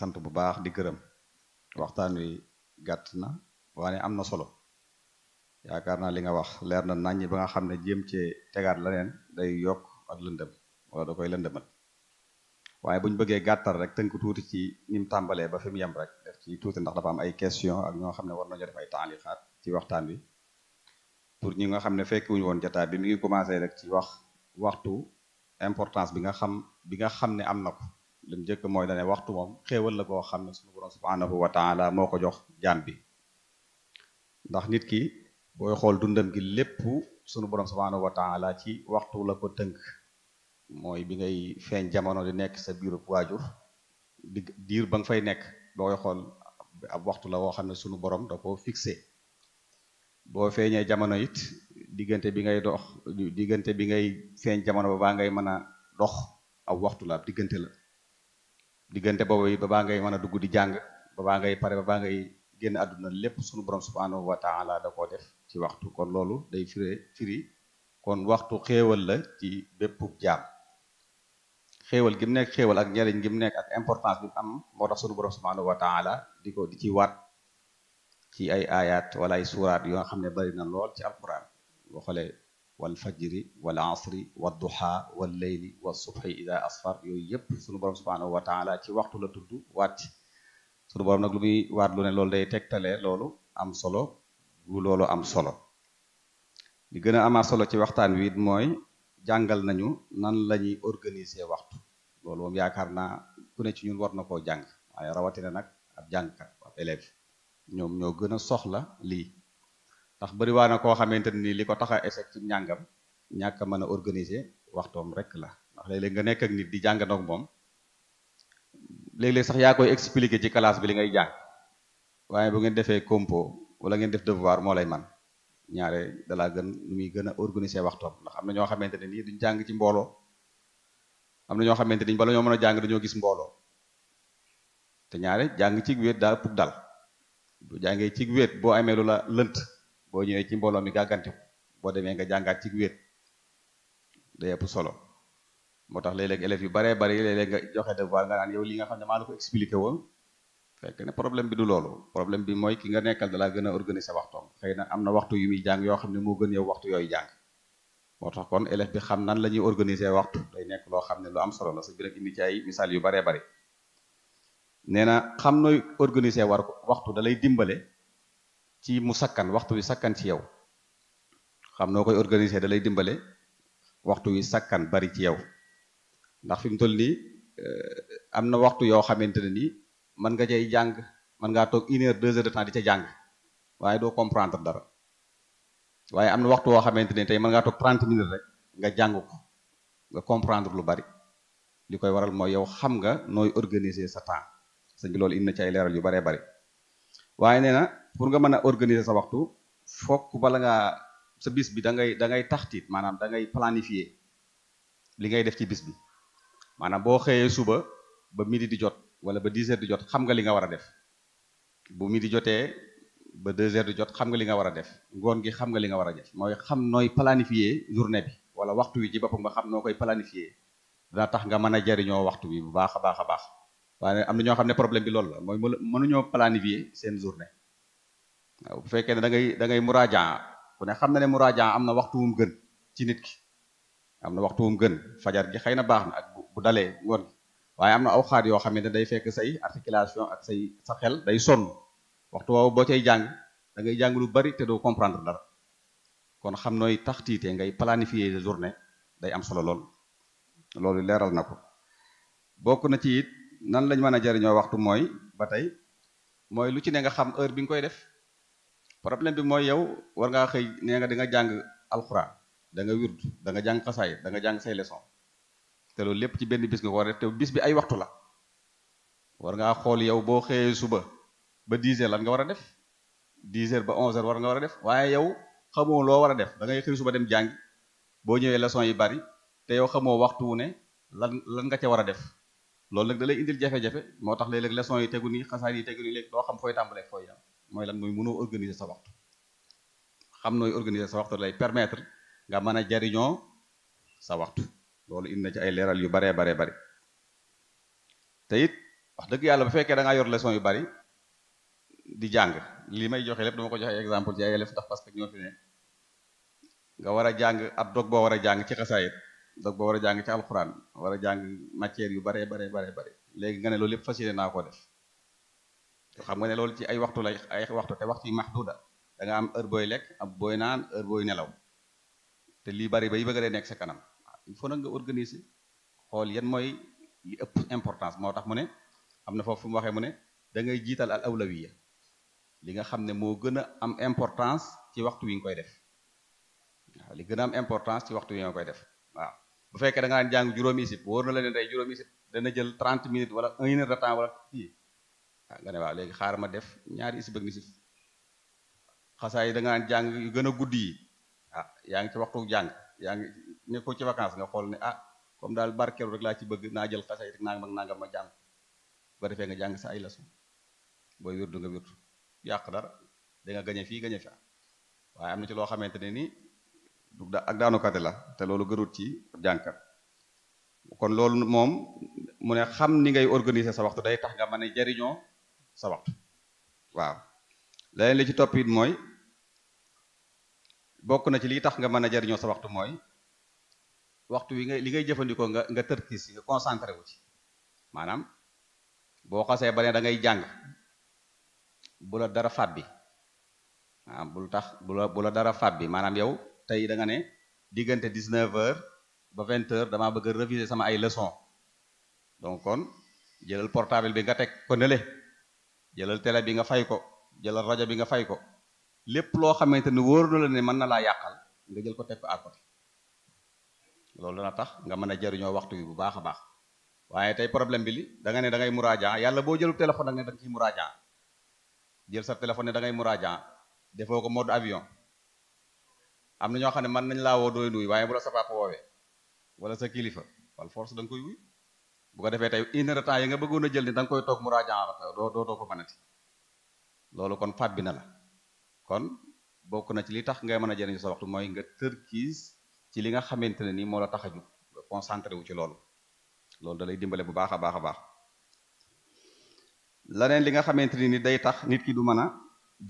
sant bu baax di gërëm waxtaan wi gàtt na waaye am na solo yaakaar naa li nga wax leer na naññ ba nga xam ne jéem cee tegaat leneen day yokk ak lëndëm wala da koy lëndëmal waaye buñ bëggee gàttal rek ko tuuti ci ni mu tàmbalee ba fi mu yem rek ci tuuti ndax dafa am ay question ak ñoo xam ne war nañoo def ay taalixaat ci waxtaan wi pour ñi nga xam ne fekkiwuñu woon jotaay bi mu ngi commencé rek ci wax waxtu importance bi nga xam bi nga xam ne am na ko li mu njëkk mooy dane waxtu moom xéewal la koo xam ne suñu borom subhanahu wa taala moo ko jox jaam bi ndax nit ki booy xool dundam gi lépp sunu borom subhanahu wa taala ci waxtu la ko tënk mooy bi ngay feeñ jamono di nekk sa biiru waajur di diir ba nga fay nekk booy xool ab waxtu la woo xam ne sunu borom da ko fixé boo feeñee jamono it diggante bi ngay dox diggante bi ngay feeñ jamono ba baa ngay mën a dox ab waxtu la diggante la diggante boobu yi ba baa ngay mën a dugg di jàng ba baa ngay pare ba baa ngay génn àdduna lépp sunu borom subhanahu wa taala da koo def ci waxtu kon loolu day firi firi kon waxtu xéewal la ci bépp jaam xéewal gi mu nekk xéewal ak njariñ gi mu nekk ak importance bi am moo tax sunu borom subhanahu wa taala di ko di ci waat ci ay ayat wala ay suuraat yoo xam ne bari na lool ci alquran boo xoolee wal fajri wal asri wad duha wal layli was subhi ida asfar yooyu yépp sunu borom subhanahu wa taala ci waxtu la tudd waat suñu borom nag lu muy waat lu ne loolu day tegtale loolu am solo bu loolu am solo li gën a amaat solo ci waxtaan wi mooy jàngal nañu nan la ñuy organiser waxtu loolu moom yaakaar naa ku ne ci ñun war na koo jàng waaye rawatina nag ab jàngkat ab élève ñoom ñoo gën a soxla lii ndax bëri waa na koo xamante nii li ko tax a échec ci njàngam ñàkk a mën a organiser waxtoom rek la ndax léeg-léeg nga nekk ak nit di jàng nag moom léeg-léeg sax yaa koy expliquer ci classe bi li ngay jàng waaye bu ngeen defee compo wala ngeen def devoir moo lay man ñaare dalaa gën nu muy gën a organiser waxtoom ndax am na ñoo xamante ne nii duñ jàng ci mbooloo am na ñoo xamante ni bala ñoo mën a jàng dañoo gis mbooloo te ñaare jàng ci wéet daa ëpp dal bu jàngee ci wéet boo amee lu la lënt boo ñëwee ci mbooloo mi gàggantiku boo demee nga jàngaat ci wéet day ëpp solo moo tax léeg-léeg élèves yu bare bari léeg-léeg nga joxe devoir nga naan yow li nga xam ne maa la ko expliqué woon fekk ne problème bi du loolu problème bi mooy ki nga nekkal dalaa gën a organiser waxtoom xëy na am na waxtu yu muy jàng yoo xam ne moo gën yow waxtu yooyu moo tax kon élève bi xam nan la ñuy organiser waxtu day nekk loo xam ne lu solo la sa biir ak indi ci yu baree bari nee na xam nooy organiser war waxtu da lay dimbale ci mu sakkan waxtu wi sakkan ci yow xam noo koy organiser da lay dimbale waxtu wi sakkan bari ci yow ndax fi mu toll nii eh, am na waxtu yoo xamante ne nii mën nga cay jàng mën ngaa toog une heure deux heures de temps di ca jàng waaye doo comprendre dara waaye am na waxtu woo xamante ne tey man ngaa toog trente minutes rek nga jàng ko nga comprendre lu bari li koy waral mooy yow xam nga nooy organiser sa temps sëñ bi loolu indi na ci ay leeral yu baree bari waaye nee na pour nga mën a organiser sa waxtu fokk bala ngaa sa bis bi da ngay da ngay taxtiit maanaam da ngay planifier li ngay def ci bis bi maanaam boo xëyee suba ba midi di jot wala ba 10 heures di jot xam nga li nga war a def bu midi jotee ba 2 heures jot xam li nga war a def ngoon gi xam nga li nga war a def mooy xam nooy planifier journée bi wala waxtu wi ci boppam nga xam noo koy planifier daa tax nga mën a jariñoo waxtu wi bu baax a baax a baax waaye am na ñoo xam ne problème bi loolu la mooy mënuñoo planifier seen journée waaw bu fekkee ne da ngay da ngay muraaja ku ne xam na ne muraaja am na waxtu wum gën ci nit ki am na waxtu wum gën fajar gi xëy na baax na ak bu dalee ngoon waaye am na aw xaat yoo xam ne day fekk say articulation ak say sa xel day sonn waxtu woowu boo cay jàng dangay jàng lu bari te doo comprendre dara kon xam nooy taxtiite ngay planifier de journée day am solo lool loolu leeral na ko bokk na ci it nan lañ mën a jariñoo waxtu mooy ba tey mooy lu ci ne nga xam heure bi nga koy def problème bi mooy yow war ngaa xëy nee nga di nga jàng alxuraan da nga wird da nga jàng xasaay da nga jàng say leçon te loolu lépp ci benn bis nga ko war a def te bis bi ay waxtu la war ngaa xool yow boo xëyee suba ba 10 heures lan nga war a def 10 heures ba 11 heures war nga war a def waaye yow xamoo loo war a def da ngay xëy suba dem jàngi boo ñëwee leçon yi bari te yow xamoo waxtu wu ne lan lan nga ca war a def loolu nag da lay indil jafe-jafe moo tax léeg-léeg leçon yi tegu nii xasaar yi tegu nii léegi doo xam fooy tàmbalee fooy yam mooy lan mooy mënoo organiser sa waxtu xam nooy organiser sa lay permettre nga mën a jariñoo sa waxtu loolu indi na ci ay leeral yu baree baree bari te it wax dëgg yàlla bu fekkee da ngaa yor leçon yu bari di jàng lii may joxe lépp dama ko joxe ay exemple ci ay élèves parce que ñoo fi ne nga war a jàng ab dog boo war a jàng ci xasaayit dog war a jàng ci alxuraan war a jàng matière yu baree baree baree bari léegi nga lépp fas yéene naa ko def xam nga ne loolu ci ay waxtu lay ay waxtu te waxtu yi maxduda da nga am heure booy lekk am booy naan heure booy nelaw te lii bari bay bëgg a dee nekk sa kanam il faut nag nga organiser xool yan mooy li ëpp importance moo tax mu ne am na foofu fu mu waxee mu ne da ngay jiital al awla awlawiya li nga xam ne moo gën a am importance ci waxtu wi nga koy def waaw gën am importance ci waxtu wi nga koy def waaw bu fekkee da nga jàng juróomi isib wóor na la ne tey isib dana jël 30 minutes wala 1 heure de temps wala nga ne waaw léegi xaar ma def ñaari isib ak nisif xasaa yi jàng yu gën a guddi yi yaa ngi ci waxtu jàng ne ci vacances nga xool ne ah comme daal barkeelu rek laa ci bëgg naa jël xasay rek nangam naa nangam ma jàng ba defee nga jàng sa ay leçon booy wirdu nga wirdu yàq dara da nga fii gañe fi waaye am na ci loo xamante ne nii du ak daanukate la te loolu gërut ci jànkat kon loolu moom mu ne xam ni ngay organiser sa waxtu day tax nga mën jariñoo sa waxtu waaw ci topp mooy bokk na ci lii tax nga mën a jariñoo sa waxtu mooy waxtu wi ngay li ngay jëfandikoo nga nga tërkiis nga concentré wu ci maanaam boo xasee ba ne da ngay jàng bu la dara fàbbi ah bul tax bu la bu la dara bi maanaam yow tey da nga ne diggante 19h ba 20h damaa bëgg a réviser sama ay leçons donc kon jëlal portable bi nga teg ko nële jëlal tele bi nga fay ko jëlal rajo bi nga fay ko lépp loo xamante ni wóor na la ne mën na laa yàqal nga jël ko teg ko à côté loolu dana tax nga mën a jariñoo waxtu wi bu baax a baax waaye tey problème bi li da nga ne dangay ngay muraaja yàlla boo jëlu téléphone ak ne da nga ciy muraaja jël sa téléphone ne da muraaja defoo ko mode avion am na ñoo xam ne mën nañ laa woo dooy nuyu waaye bu la sa papa woowee wala sa kilifa wala force da nga koy wuy bu ko defee tey une heure yi nga bëggoon a jël ni da koy toog muraaja doo doo doo ko mënati loolu kon fàbbi na la kon bokk na ci li tax ngay mën a jëriñu sa waxtu nga tërkiis ci li nga xamante ne ni moo la tax a jóg concentré wu ci loolu loolu da lay dimbale bu baax a baax a baax leneen li nga xamante ne ni day tax nit ki du mën a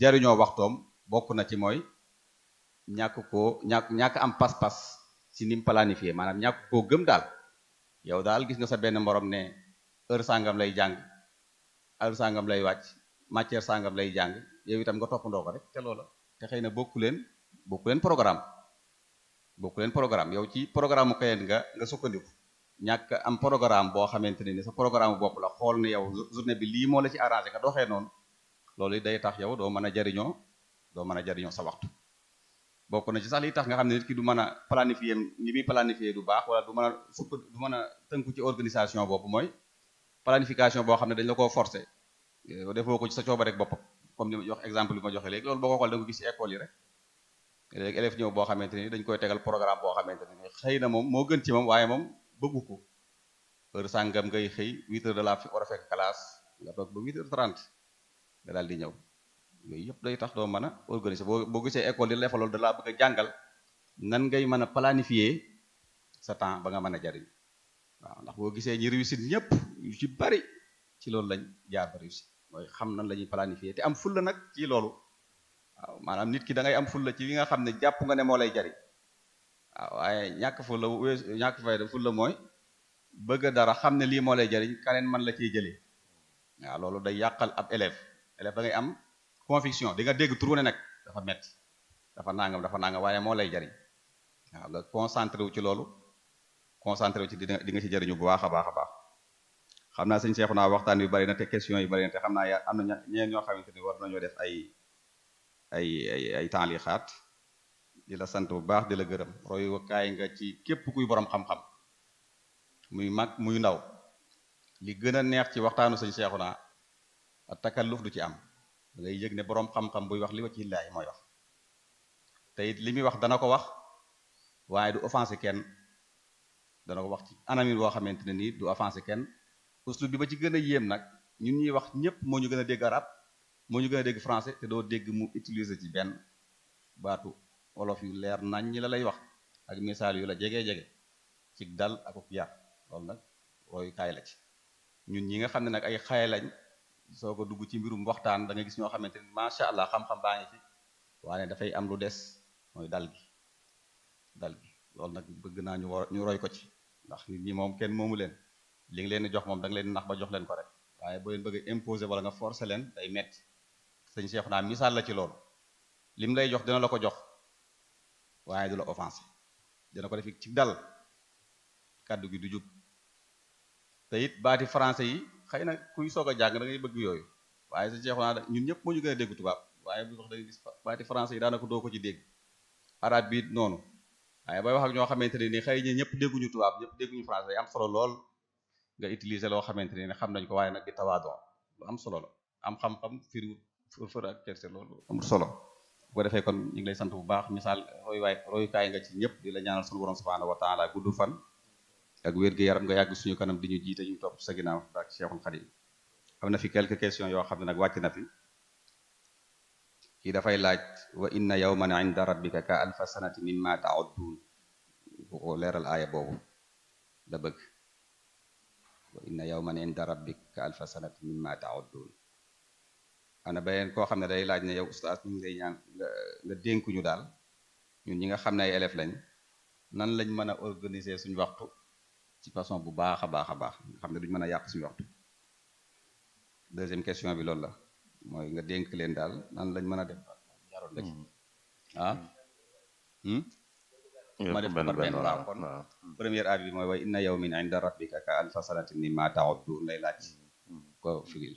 jariñoo waxtoom bokk na ci mooy ñàkk ko ñàkk ñàkk am pas-pas ci ni mu planifié maanaam ñàkk koo gëm daal yow daal gis nga sa benn moroom ne heure sangam lay jàng heure sangam lay wàcc matière sangam lay jàng yow itam nga toppandoo ko rek te loola te xëy na bokk leen bokk leen programme bokku leen programme yow ci programme kayit nga nga sukkandiku ñàkk am programme boo xamante ne ni sa programme bopp la xool ne yow journée bi lii moo la ci arrangé nga doxee noonu loolu day tax yow doo mën a jariñoo doo mën a jariñoo sa waxtu bokk na ci sax li tax nga xam ne nit ki du man a planifier ni muy planifier du baax wala du mën a sukk du mën a tënku ci organisation boobu mooy planification boo xam ne dañ la koo forcer defoo ko ci sa cooba rek boppam comme li ma jox exemple bi ma joxe léegi léegi élève ñëw boo xamante ni dañ koy tegal programme boo xamante ni xëy na moom moo gën ci moom waaye moom bëggu ko heure sàngam ngay xëy 8 heures de la war a fekk classe nga toog ba 8 heures 30 daal di ñëw yooyu yëpp day tax doo mën a organiser boo boo gisee école di lefalool da laa bëgg a jàngal nan ngay mën a planifier sa temps ba nga mën a jariñ waaw ndax boo gisee ñi réussit ñëpp yu ci bari ci loolu lañ jaar ba réussite mooy xam nan la ñuy planifier te am fulla nag ci loolu waaw maanaam nit ki dangay ngay am fulla ci yi nga xam ne jàpp nga ne moo lay jariñ waaw waaye ñàkk fulla wees ñàkk fayda fulla mooy bëgg dara xam ne lii moo lay jariñ kaneen man la ciy jële waaw loolu day yàqal ab élève élève da ngay am conviction di nga dégg turu ne nag dafa mett dafa nangam dafa nangam waaye moo lay jariñ waaw nga concentré wu ci loolu concentré wu ci di nga ci jariñu bu baax a baax baax xam naa sëñ naa waxtaan bi bari na te question yi bari na naa am na ñeen ñoo xamante ni war nañoo def ay ay ay ay taalixaat di la sant bu baax di la gërëm royukaay nga ci képp kuy boroom xam-xam muy mag muy ndaw li gën a neex ci waxtaanu sëñ takkal takalluf du ci am da ngay yëg ne borom xam-xam buy wax li wa ci illaahi mooy wax te li muy wax dana ko wax waaye du offensé kenn dana ko wax ci anam boo xamante ne nii du offensé kenn uslub bi ma ci gën a yéem nag ñun ñuy wax ñëpp moo ñu gën a dégg arab moo ñu gën a dégg français te doo dégg mu utiliser ci benn baatu wolof yu leer nañ ñi la lay wax ak misaal yu la jege-jege ci dal ak ak yar loolu nag royu kaay la ci ñun ñi nga xam ne nag ay xaye lañ soo ko dugg ci mbirum waxtaan da gis ñoo xamante ni macha allah xam-xam baa ngi fi waaye dafay am lu des mooy dal gi dal gi loolu nag bëgg naa ñu ñu roy ko ci ndax nit ñi moom kenn moomu leen li nga leen jox moom da leen nax ba jox leen ko rek waaye boo leen bëgg a imposer wala nga sëñ Cheikh naa misaal la ci loolu lim lay jox dina la ko jox waaye du la offensé dina ko def ci dal kàddu gi du jub te it baati français yi xëy na kuy soog a jàng da ngay bëgg yooyu waaye sëñ Cheikh naa ñun ñëpp moo ñu gën a dégg tubaab waaye bu da gis baati français yi daanaka doo ko ci dégg arab bi noonu waaye bay wax ak ñoo xamante ne ni xëy na ñëpp dégguñu tubaab ñëpp dégguñu français yi solo lool nga utiliser loo xamante ne xam nañ ko waaye nag di tawaadon lu am solo la fër ak kerse loolu amul solo bu defee kon ñu ngi lay sant bu baax misaal roy waay royukaay nga ci ñëpp di la ñaanal sunu borom subhaanahu wa taala gudd fan ak wér gi yaram nga yàgg suñu kanam di ñu jiite ñu topp sa ginnaaw ak Cheikhul xam na fi quelques question yoo xam ne nag wàcc na fi kii dafay laaj wa inna yawman inda rabbika ka alfa sanati mimma ta'uddun bu ko leeral aaya boobu la bëgg wa inna yawman inda rabbika ka alfa sanati mimma ta'uddun ana beneen koo xam ne day laaj ne yow oustaz ñu ngi lay ñaan nga dénkuñu daal ñun ñi nga xam ne ay lañ nan lañ mën a organiser suñ waxtu ci façon bu baax a baax a baax nga xam ne duñ mën a yàq suñu waxtu deuxième question bi loolu la mooy nga dénk leen daal nan lañ mën a def jaroon rek hmm. ah hmm? ma def par benn waaw kon première avis bi mooy way inna yawmin inda rabbika ka alfa sanatin mimma ta'uddun lay laaj hmm. ko firil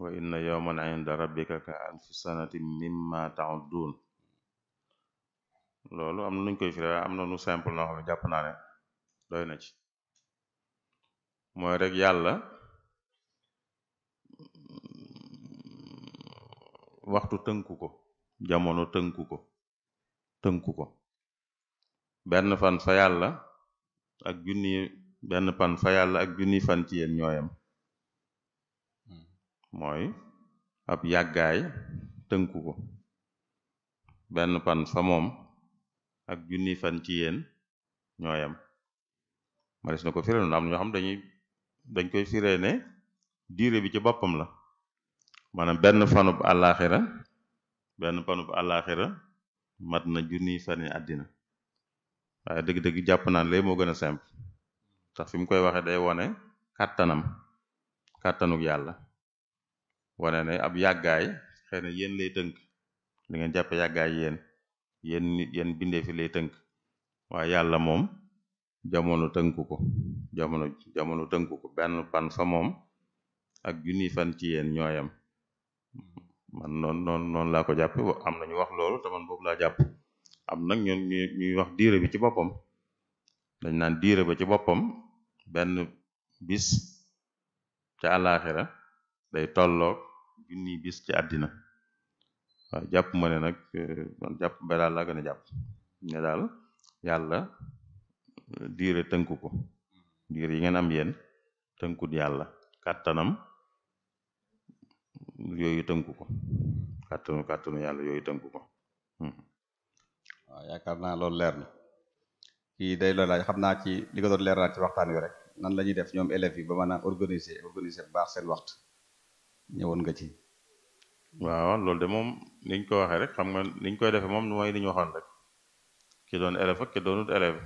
wa inna yawman inda rabbika ka alfi sanati mimma ta'uddun loolu am na nuñ koy firee am na nu simple noo xam ne jàpp naa ne doy na ci mooy rek yàlla waxtu tënku ko jamono tënku ko tënku ko benn fan fa yàlla ak junni benn fan fa yàlla ak junni fan ci yéen ñooyam mooy ab yàggaay tënku ko benn pan fa moom ak junni fan ci yéen ñooyam maris na ko firee noonu am ñoo xam dañuy dañ koy firee ne diire bi ci boppam la maanaam benn fanub àllaaxira benn fanub àllaaxira mat na junni fani àddina waaye dëgg-dëgg jàpp naan lay moo gën a simple tax fi koy waxee day wone kàttanam kàttanuk yàlla wane ne ab yàggaay xëy na yéen lay tënk li ngeen jàppe yàggaay yéen yéen lay tënk waaye yàlla moom jamono tënku ko jamono jamono tënku ko benn pan fa moom ak junni fan ci yéen ñooyam man noonu noonu noonu laa ko jàppe am na ñu wax loolu te man laa jàpp am nag ñun ñu ñuy wax diire bi ci boppam dañ naan diire ba ci boppam benn bis ca àllaaxira day tolloog junniy bis ci àddina waaw jàpp ma ne nag euh, jàpp ba daal laa jàpp ne daal yàlla euh, diire tënku ko diire yi ngeen am yéen tënkut yàlla kàttanam yooyu tënku ko kàttanu kàttanu yàlla yooyu tënku ko hmm. waaw yaakaar naa loolu leer na kii day loolu xam naa ci li leer naa ci waxtaan wi rek nan la ñuy def ñoom élèves yi ba mën organiser organiser baax seen waxtu ñëwoon nga ci waaw loolu de moom niñ ko waxee rek xam nga niñ koy defee moom mooy li ñu waxoon rek ki doon élève ak ki doonut élève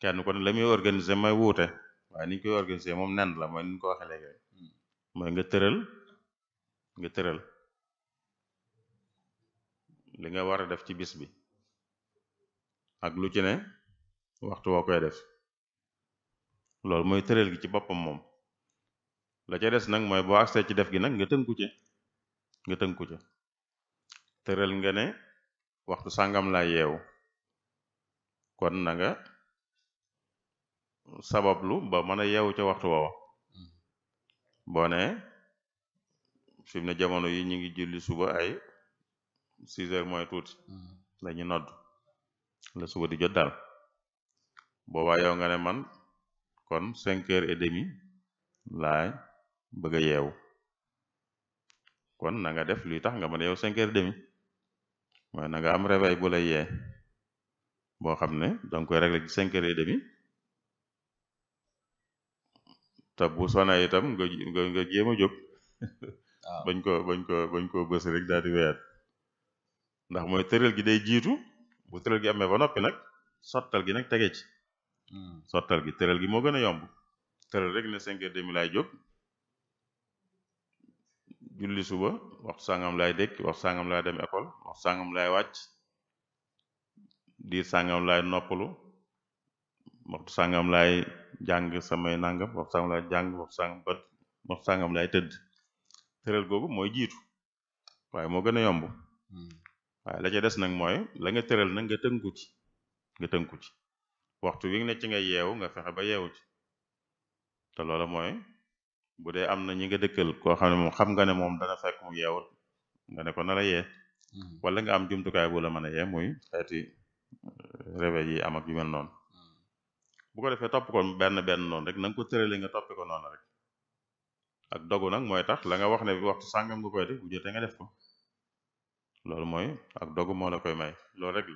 kenn ko ne la muy organiser mooy wuute waaye niñ koy organiser moom nen la mooy niñ ko waxee léegi mooy nga tëral nga tëral li nga war a def ci bis bi ak lu ci waxtu woo koy def loolu mooy tëral gi ci boppam moom la ca des nag mooy boo agsee ci def gi nag nga tënku ci nga tënku ci tëral nga ne waxtu sàngam laa yeewu kon nanga sabablu ba mën a yeewu ca waxtu woowa bone ne fi jamono yi ñu ngi julli suba ay six heures mooy tuuti mm-hmm. la ñu nodd la suba di jot daal boobaa yow nga ne man kon cinq heures et demi laay bëgg a yeewu kon na def luy tax nga mën a yeewu cinq demi maa naga nga am réveil bu lay yee boo xam ne danga koy régler ci cinq heures demi te bu sonee itam nga nga nga jéem a jóg ah. bañ ko bañ ko bañ ko bës rek daal di ndax mooy tëral gi day jiitu bu tëral gi amee ba noppi nag sottal gi nag tege ci hmm. sottal gi tëral gi moo gën a yomb tëral rek ne cinq heures demi laay jóg julli suba waxtu sangam laay dëkk waxtu laay dem école waxtu sàngam laay wàcc diir sangam laay noppalu waxtu sàngam laay jàng samay nangam waxtu sàngam laay jàng waxtu sàngam bët waxtu sàngam laay tëdd tëral googu mooy jiitu waaye moo gën a yomb waaye la ca des nag mooy la nga tëral nag nga tënku ci nga tënku ci waxtu wi nga ci nga yeewu nga fexe ba yewu ci te loola mooy bu dee am na ñi nga dëkkal koo xam ne moom xam nga ne moom dana fekk mu yeewut nga ne na la hmm. wala nga am jumtukaay bu la mën a yee muy xeeti euh, réveil yi am ak yu mel noonu hmm. bu ko defee topp ko benn benn noonu rek na nga ko tëralee nga toppi ko noonu rek ak dogu nag mooy tax la nga wax ne waxtu sàngam nga koy def bu jotee nga def ko loolu mooy ak dogu moo la koy may loolu rek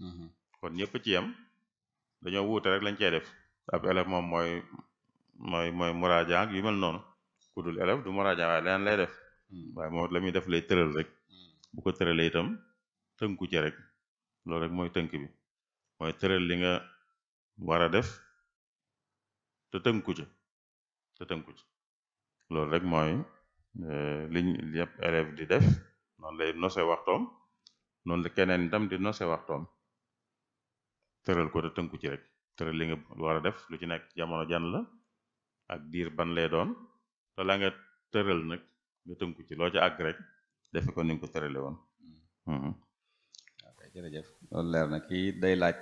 hmm. kon ñëpp ci yem dañoo wuute rek lañ cey def ab élève moom mooy mooy mooy muraaja ak yu mel noonu ku dul élève du muraaja waaye leneen lay def hmm. waaye moom la muy def lay tëral rek hmm. bu ko tëralee itam tënku ci rek loolu rek mooy tënk bi mooy tëral li nga war a def te tënku ci te tënku ci loolu rek mooy eh, liñ yëpp élève di def noonu lay nose waxtoom noonu la keneen itam di nosse waxtoom tëral ko te tënku ci rek tëral li nga war a def lu ci nekk jamono jan la ak diir ban lay doon te la nga tëral nag nga tënku ci loo ca àgg rek defe ko ni ko tërale woon waaw hmm. hmm. jërëjëf loolu leer na kii day laaj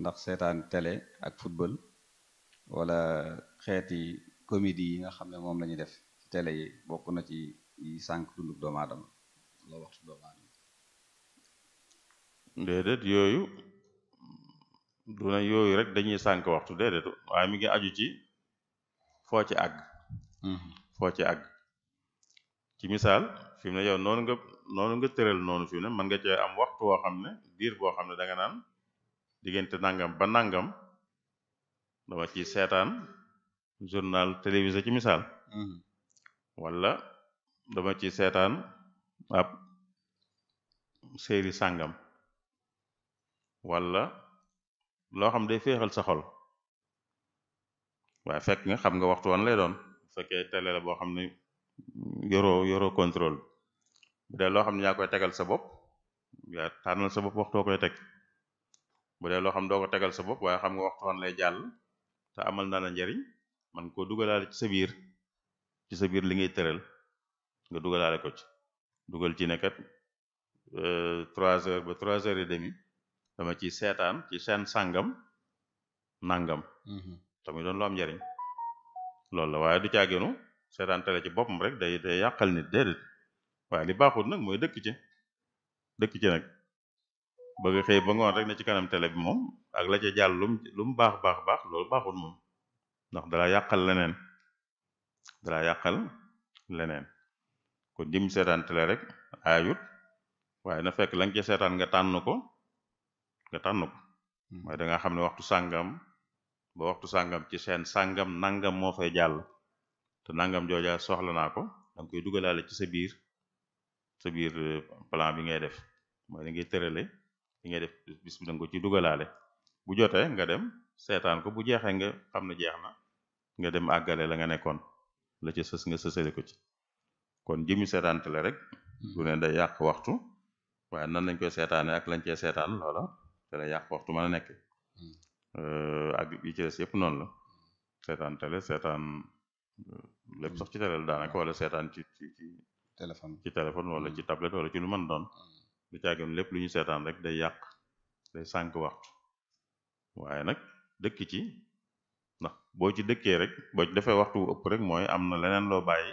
ndax seetaan tele ak football wala xeeti comédie yi nga xam ne moom la def ci télé yi bokk na ci sànq dundub doomu aadama loo yooyu duna yooyu rek dañuy sànq waxtu déedéet waaye mi ngi aju ci foo ci àgg mm-hmm. foo ci àgg ci misaal fi ne yow noonu nga noonu nga tëral noonu fi mu ne mën nga cee am waxtu woo xam ne diir boo xam ne da naan diggante nangam ba nangam dama ci seetaan journal télévisé ci misaal mm-hmm. wala dama ci seetaan ab série sàngam wala loo xam day féexal sa xol waaye fekk nga xam nga waxtu wan lay doon bu fekkee télé la boo xam ne yoroo yoroo contrôle bu dee loo xam ne yaa koy tegal sa bopp yaa tànnal sa bopp waxtoo koy teg bu dee loo xam doo ko tegal sa bopp waaye xam nga waxtu wan lay jàll te amal na la njariñ man koo dugalaale ci sa biir ci sa biir li ngay tëral nga dugalaale ko ci dugal ci nekkat euh, trois heures ba trois heures et demi dama ci seetaan ci seen sangam nangam mm-hmm. tamuy doon lu am njariñ loolu la waaye du caaginu seetaan tele ci boppam rek day day yàqal nit déedéet waaye li baaxul nag mooy dëkk ci dëkk ci nag bëgg xëy ba ngoon rek ne ci kanam tele bi moom ak la ca jàll lum lu mu baax baax baax loolu baaxul ndax dalaa yàqal leneen dalaa yàqal leneen kon jëm seetaan tele rek aayut waaye na fekk la nga ca nga tànn ko nga tànn ko danga hmm. da xam ne waxtu sàngam ba waxtu sàngam ci seen sàngam nangam moo fay jàll te nangam jooja soxla naa ko da nga koy dugalaale ci sa biir sa biir euh, plan bi ngay def mooy li ngay tërale li ngay def bis bi da nga ko ci dugalaale bu jotee nga dem seetaan ko bu jeexee nga xam ne jeex na nga dem àggale la nga nekkoon la ca sës nga sësale ko ci kon jëmi seetaan tele rek du da day yàq waxtu waaye nan lañ koy seetaane ak lañ cee seetaan loola dana yàq waxtu mën a nekk hmm. Euh, ak yi ci des yëpp noonu la seetaan télé seetaan euh, lépp sax ci télé la daanaka wala seetaan ci ci ci téléphone ci téléphone wala ci tablette wala ci lu mën doon mm. lu caagam lépp lu ñu seetaan rek day yàq day sànq waxtu waaye nag dëkk ci ndax boo ci dëkkee rek boo ci defee waxtu wu ëpp rek mooy am na leneen loo bàyyi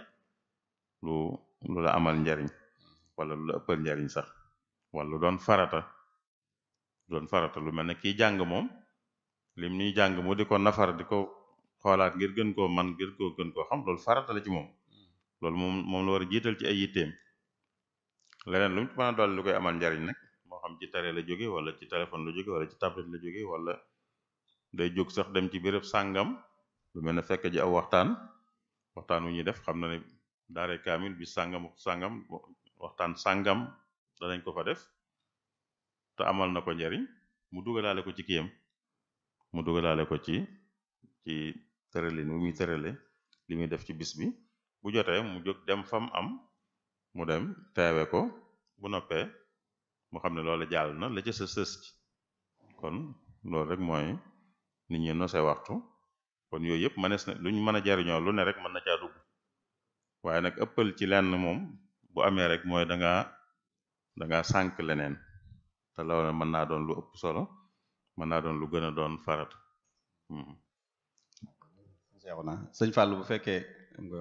lu lu la amal njariñ wala lu la ëppal njariñ sax wala lu doon farata doon farata lu mel ne kii jàng moom lim ñuy jàng mu di ko nafar di ko xoolaat ngir gën koo man ngir koo gën koo xam loolu farata ci moom mm. loolu moom moom la war a jiital ci ay yitteem leneen lu mu mën a lu koy amal njariñ nag moo xam ci tare la jóge wala ci téléphone la jóge wala ci tablette la jóge wala day jóg sax dem ci béréb sàngam lu mel ne fekk ji aw waxtaan waxtaan wu ñuy def xam na ne daare kaamil bi sàngam sàngam waxtaan sàngam danañ ko fa def te amal na ko njariñ mu dugalaale ko ci kiyam mu dugalaale ko ci ci tërale ni muy tërale li muy def ci bis bu jotee mu jóg dem fam am mu dem teewe ko bu noppee mu xam ne loolu jàll na la ca sës kon loolu rek mooy nit ñi nose waxtu kon yooyu yëpp mënees na luñ mën a jariñoo lu ne rek mën na caa dugg waaye nag ëppal ci len moom bu amee rek mooy da nga da nga sànq leneen te loolu mën naa doon lu ëpp solo mën naa doon lu gën a doon farata. jeex hmm. na sëñ Fallou bu fekkee nga.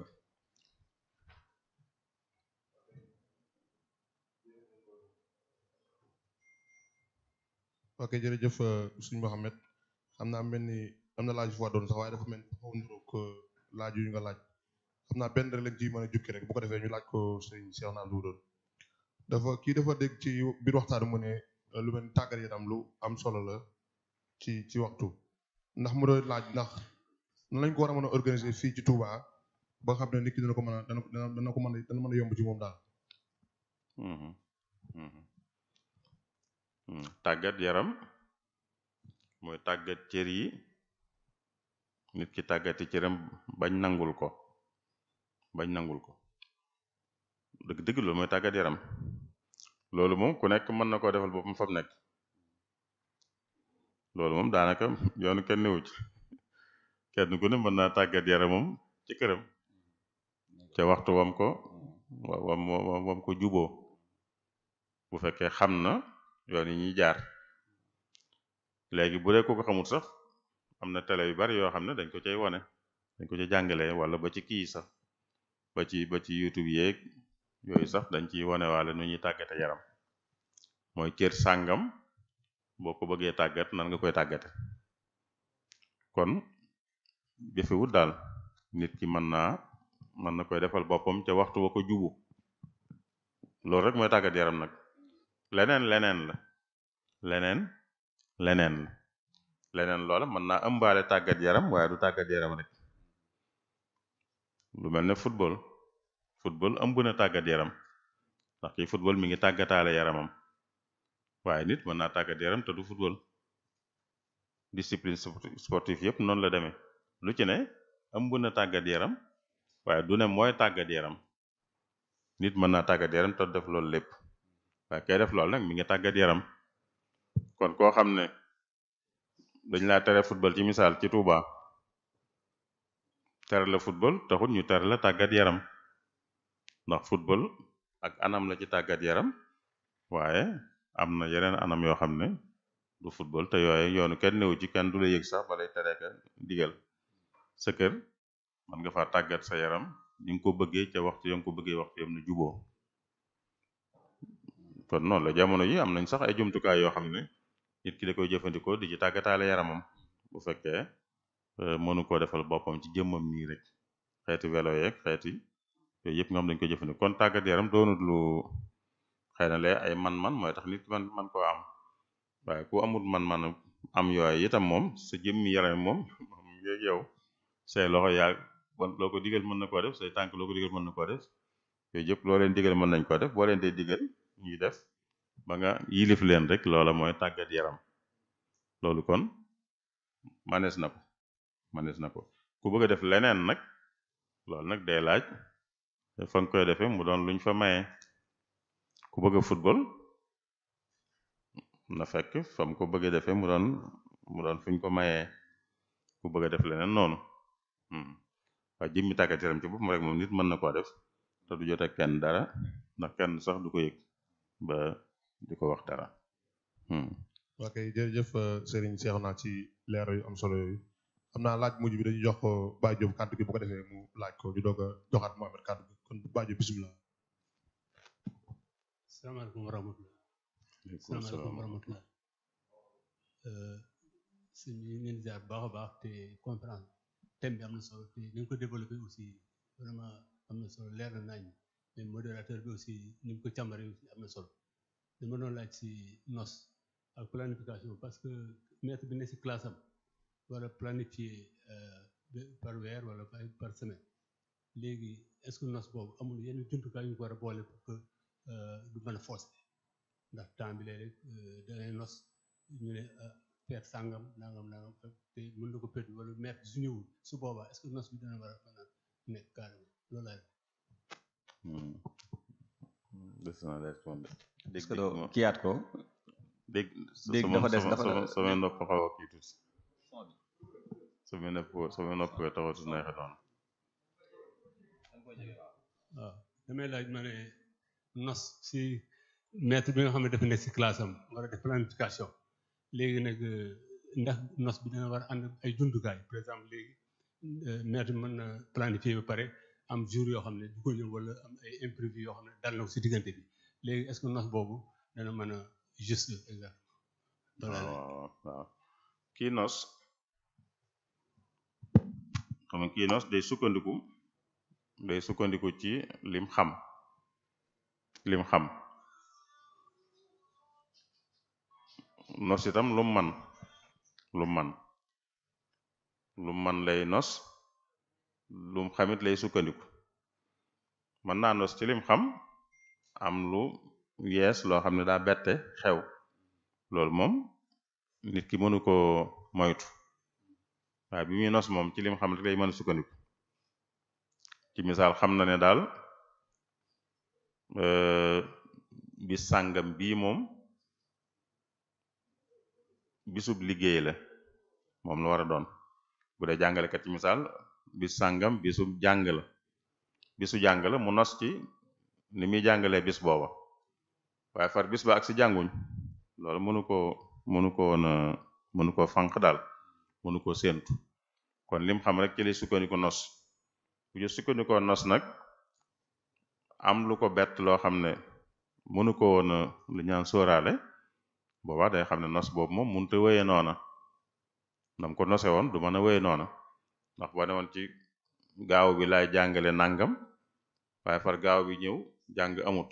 ok jërëjëf euh, sëñ Mohamed xam naa mel ni am na laaj yu fa doon sax waaye dafa mel ni euh, laaj yu ñu laaj xam naa benn rek lañ ciy mën a jukki rek bu ko defee ñu laaj ko sëñ Cheikh naa lu doon dafa kii dafa dégg ci biir waxtaan mu lu mel ni tàggat yaram lu am solo la. ci ci waxtu ndax mu doon laaj ndax nan lañ ko war a mën a organiser fii ci Touba ba xam ne nit ki dana ko mën a ko mën a mën a yomb ci moom daal. Mm-hmm. Mm-hmm. Mm-hmm. tàggat yaram mooy tàggat cër yi nit ki tàggati cëram bañ nangul ko bañ nangul ko dëgg dëgg loolu mooy tàggat yaram loolu moom ku nekk mën na koo defal boppam fa nekk loolu moom daanaka yoonu kenn newu ci kenn ku ne mën naa tàggat yaramam ci këram ca waxtu wam ko wam ko juboo bu fekkee xam na yoon yi ñuy jaar léegi bu dee ku ko xamul sax am na tele yu bari yoo xam ne dañ ko cay wone dañ ko ci jàngalee wala ba ci kii sax ba ci ba ci YouTube yeeg yooyu sax dañ ciy wonewaale nu ñuy tàggate yaram mooy cër sàngam boo ko bëggee tàggat nan nga koy tàggate kon jëfewut daal nit ki mën naa mën na koy defal boppam ca waxtu wa ko jubu loolu rek mooy tàggat yaram nag leneen leneen la leneen leneen la leneen loola mën naa ëmbaale tàggat yaram waaye du tàggat yaram rek lu mel ne football football ëmb na tàggat yaram ndax kii football mi ngi tàggataale yaramam waaye nit mën naa tàggat yaram te du football discipline sportive yëpp noonu la deme lu ci ne ëmb na tàggat yaram waaye du ne mooy tàggat yaram nit mën naa tàggat yaram te def loolu lépp waaye kay def loolu nag mi ngi tàggat yaram kon koo xam ne dañ laa tere football ci misaal ci tuuba tere la football taxul ñu tere la tàggat yaram ndax football ak anam la ci tàggat yaram waaye am na yeneen anam yoo xam ne du football te yooye yoonu kenn néew ci kenn du la yëg sax balay tereeka digal sa kër mën nga faa tàggat sa yaram ni nga ko bëggee ca waxtu ya nga ko bëggee waxtu yam na jubo kon noonu la jamono yi am nañ sax ay jumtukaay yoo xam ne nit ki da koy jëfandikoo di ci tàggataale yaramam bu fekkee euh, mënu koo defal boppam ci jëmmam mi rek xeeti welo yeeg xeeti yooyu yëpp nga xam dañ koy jëfandikoo kon tàggat yaram doonut lu xëy na lee ay man-man mooy tax nit man man koo am waaye ku amul man-man am yooyu itam moom sa jëmmi yaram moom moom yéeg yow say loxo ya loo ko digal mën na koo def say tànk loo ko digal mën na koo def yooyu loo leen mën nañ koo def boo leen dee digal ñuy def ba nga yilif leen rek loola mooy tàggat yaram loolu kon manees na ko manees na ko ku bëgg def leneen nag loolu nag day laaj fa nga koy defee mu doon luñ fa maye ku bëgg a football na fekk fam ko bëgg defee mu doon mu doon fiñ ko maye ku bëgg a def leneen noonu hmm. waaye jëmmi tàggat yaram ci boppam rek moom nit mën na koo def te du jot ak kenn dara ndax kenn sax du ko yëg ba di ko wax dara. waa hmm. kay jërëjëf euh, Serigne Cheikh naa ci leer yu am solo yooyu xam naa laaj mujj bi dañu jox ko euh, Baye Diop gi bu ko defee mu laaj ko ñu doog a joxaat Mohamed kàddu gi kon Baye Diop salaamaaleykum wa rahmatulah. salaamaaleykum wa rahmatulah. Euh, sëñ bi baax a baax te comprendre thème bi am na solo te ni nga ko développé aussi vraiment am na solo leer na nañ mais modérateur bi aussi ni mu ko càmbaree aussi am na solo dama doon laaj si nos ak planification parce que maître bi ne si classe am wala planifier euh, par weer wala par semaine léegi est-ce que nos boobu amul yenn jumtukaay yu ñu war a boole Euh, du mën a forcé ndax temps bi euh, danay nos ñu ne feet euh, sàngam nangam nangam te mën na ko pét su ñëwul su boobaa est-ce bi war a mën a nekk carrément loolu laay hmm. hmm, de. est-ce que noonu. waaw ah, damay laaj nos si maître bi nga xam ne dafa ne si classe am war a def planification léegi nag eh, ndax nos bi dina war a ànd ay jumtukaay par exemple léegi eh, maître mën na planifier ba pare am jour yoo xam ne du ko wala am ay imprévu yoo xam ne dal na ko si diggante bi léegi est-ce que nos boobu dana mën a juste exactement waaw ah, waaw kii kii nos day sukkandiku day sukkandiku ci lim xam lim xam nos itam lu man lu man lu man lay nos lum xamit lay sukkandiku mën naa nos ci lim xam am lu yees loo xam ne daa bette xew loolu moom nit ki mënu koo moytu waaye bi muy nos moom ci lim xam rek lay man sukkandik sukkandiku ci misaal xam na ne daal bis sàngam bii moom bisub liggéey la moom la war a doon bu dee jàngalekat ci misaal bis sàngam bisub jàng la bisu jàng mu nos ci ni muy jàngalee bis booba waaye far bis ba ak si jànguñ loolu mënu koo mënu ko woon a mënu koo fànq daal mënu koo séentu kon lim xam rek ci lay sukkandiku nos bu ñu nos nag am lu ko bett loo xam ne mënu ko woon lu ñaan sóoraale boobaa day xam ne nos boobu moom mënut a wéyee noona nam ko nose woon du mën a wéyee noona ndax ba ne woon ci gaaw bi laay jàngale nangam waaye far gaaw bi ñëw jàng amut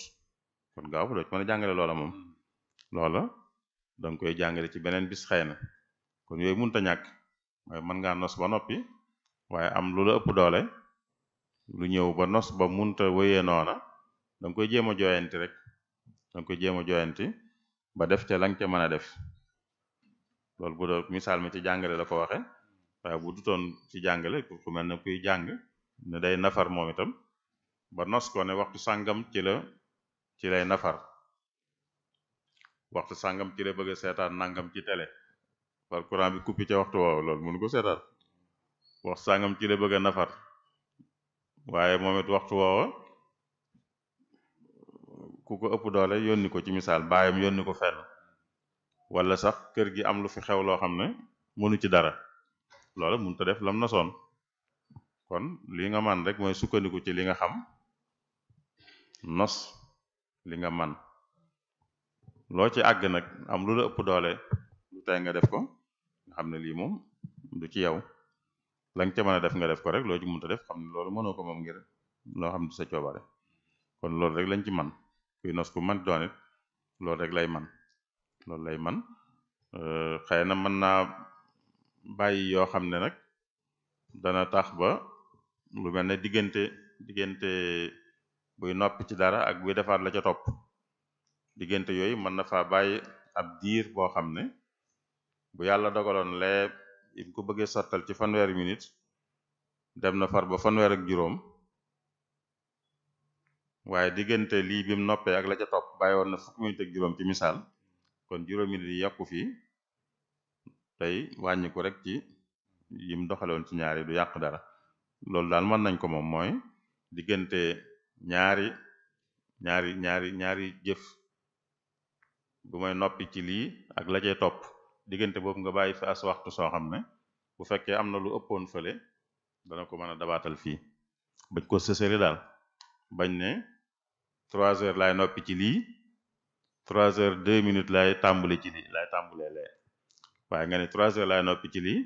kon gaaw bi doo ci mën jàngale loola moom loola danga koy jàngale ci beneen bis xëy na kon yooyu mënut a ñàkk waaye mën ngaa nos ba noppi waaye am lu la ëpp doole lu ñëw ba nos ba munta wéyee noona da koy jéem a joyanti rek da koy jéem a joyanti ba def ca lang ca mën a def loolu bu doon misaal mi ci jàngale la ko waxe waaye bu ci jàngale ku mel ne kuy jàng ne nafar moom itam ba nos ko ne waxtu sàngam ci la ci lay nafar waxtu sangam ci la bëgg a nangam ci télé par courant bi coupé ca waxtu woowu loolu mënu ko seetaan waxtu sàngam ci la bëgg nafar waaye moom it waxtu woowa ku ko ëpp doole yónni ko ci misaal baayam yónni ko fenn wala sax kër gi am lu fi xew loo xam ne mënu ci dara loola mënut a def lam na kon li nga man rek mooy sukkandiku ci li nga xam nos li nga man loo ci àgg nag am lu la ëpp doole lu tey nga def ko nga xam ne lii moom du ci yow la nga ca mën a def nga def ko rek loo ci mënta def xam ne loolu mënoo ko moom ngir loo xam ne sa coobare kon loolu rek lañ ci man kuy nos ku man doon it loolu rek lay man loolu lay man euh, xëy na mën naa bàyyi yoo xam ne nag dana tax ba lu mel ne diggante diggante buy noppi ci dara ak buy defaat la ca topp diggante yooyu mën na faa bàyyi ab diir boo xam ne bu yàlla dogaloon lee bi mu ko bëggee sottal ci fanweeri minute dem na far ba fanweer ak juróom waaye diggante lii bim noppee ak la ca topp bàyyi na fukki minute ak juróom ci misaal kon juróom minute yi yàqu fii tey wàññiku rek ci yi mu doxaloon ci ñaari du yàq dara loolu daal mën nañ ko moom mooy diggante ñaari ñaari ñaari ñaari jëf bu may noppi ci lii ak la cay topp diggante boobu nga bàyyi fi as waxtu soo xam ne bu fekkee am na lu ëppoon fële dana ko mën a dabaatal fii bañ ko sësëri daal bañ ne trois heures laay noppi ci lii trois heures deux minutes lay tàmbale ci lii laay waaye nga ne trois heures laay noppi ci lii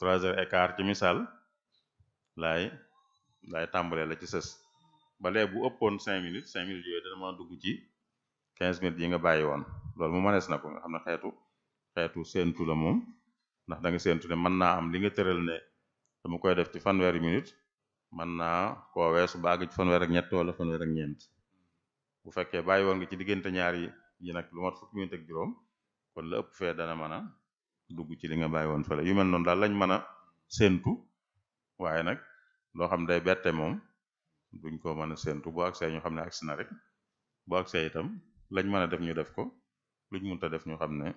trois heures et quart ci misaal laay laay tàmbalee la ci sës ba lee bu ëppoon cinq minutes cinq minutes yooyu dana mën dugg ci quinze minutes yi nga bàyyi woon loolu mu mënees na ko nga xam na xeetu xeetu séentu la moom ndax da nga ne mën naa am li nga tëral ne dama koy def ci fanweeri minute man naa koo weesu baag ci fanweer ak ñett wala ñeent bu fekkee bàyyi woon nga ci diggante ñaar yi yi nag lu mat fukki minute ak juróom kon la ëpp fee dana mën a dugg ci li nga bàyyi woon fële yu mel noonu daal lañ mën a séentu waaye nag loo xam day bette moom duñ ko mën a séentu bu agsee ñu xam ne agsi na rek bu agsee itam lañ mën a def ñu def ko luñ a def ñu xam ne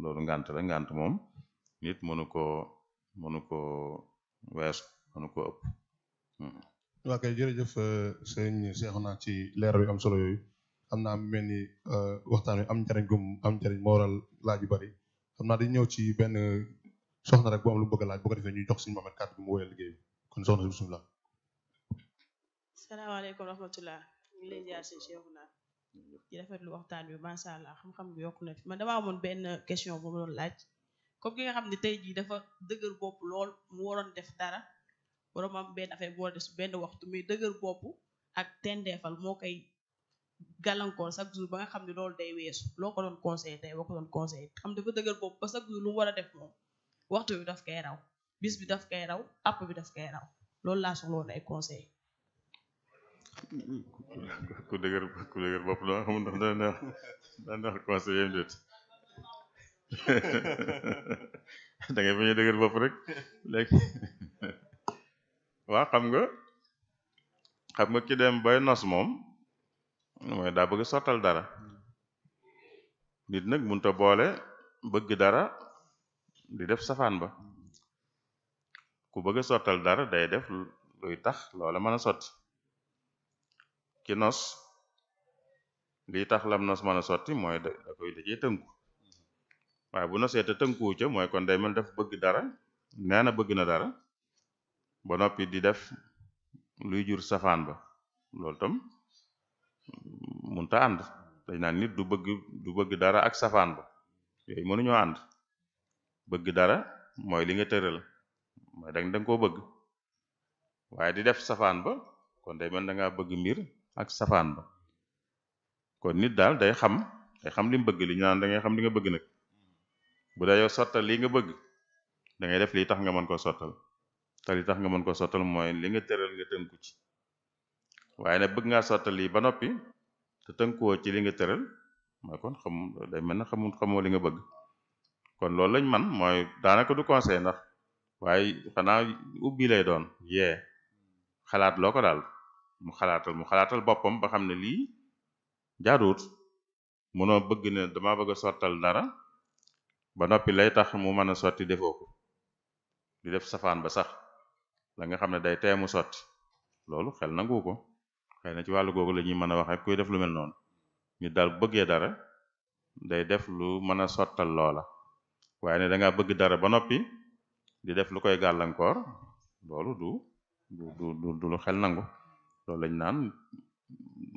loolu ngànt ngant moom nit mënu koo mënu koo weesu mënu koo ëpp. Hmm. waaw kay jërëjëf euh, sëñ Seexuna ci leer yu am solo yooyu xam naa mel ni euh, waxtaan wi am njariñ gum am njariñ moo laaj yu bari xam naa dañu ñëw ci benn soxna rek bu am lu bëgg a laaj bu ko defee ñuy jox suñu Mohamed kàddu gi mu wóyal liggéey bi kon soxna si bisimilah. salaamaaleykum ci rafetlu waxtaan wi macha allah xam-xam bi yokku na fi man dama amoon benn question bu ma laaj comme ki nga xam ne tey jii dafa dëgër bopp lool mu waroon def dara waroon am benn affaire boo des benn waxtu muy dëgër bopp ak tendeefal moo koy gàllankoor chaque jour ba xam ne loolu day weesu loo ko doon conseillé tey boo ko doon conseillé dëgër bopp ba chaque lu war a def moom waxtu bi daf koy raw bis bi daf koy raw app bi daf koy loolu laa soxla woon ay conseil ku dëgër ku dëgër bopp doo xam ndax dana rek léegi waa xam nga xam nga ki dem bay nos moom mooy daa bëgg sottal dara nit nag mënut a boole bëgg dara di def safaan ba ku bëgg a sottal dara day def luy tax loola mën a sotti ki nos lii tax lam nos mën a sotti mooy da koy dajee tënku waaye bu nosee te tënkuwu ca mooy kon day mel dafa bëgg dara nee bëgg na dara ba noppi di def luy jur safaan ba loolu tam munta ànd dañ naan nit du bëgg bëgg dara ak safaan ba yooyu mënuñoo ànd bëgg dara mooy li nga tëral mooy danga danga koo bëgg waaye di def safaan ba kon day mel da bëgg mbir ak safaan ba kon nit daal day xam day xam li mu bëgg li naan da ngay xam li nga bëgg na bu dee yow sottal lii nga bëgg da def lii tax nga mën koo sottal ta li tax nga mën ko sottal mooy li nga tëral nga tënku ci waaye nag bëgg ngaa sottal ba noppi te tënkuwoo ci li nga tëral mooy kon xam day xamu na li nga bëgg kon loolu lañ man mooy daanaka du conseil ndax waaye xanaa ubbi lay doon yee xalaat loo ko daal mu xalaatal mu xalaatal boppam ba xam ne lii jaaduwut munoo bëgg ne dama bëgg a sottal dara ba noppi lay tax mu mën a sotti defoo ko di def safaan ba sax la nga xam ne day teemu sotti loolu xel nangu ko xëy na ci wàllu googu la ñuy mën a wax kuy def lu mel noonu ñu daal bëggee dara day def lu mën a sottal loola waaye ne dangaa bëgg dara ba noppi di def lu koy gàllankoor loolu du du du xel nangu loolu lañ naan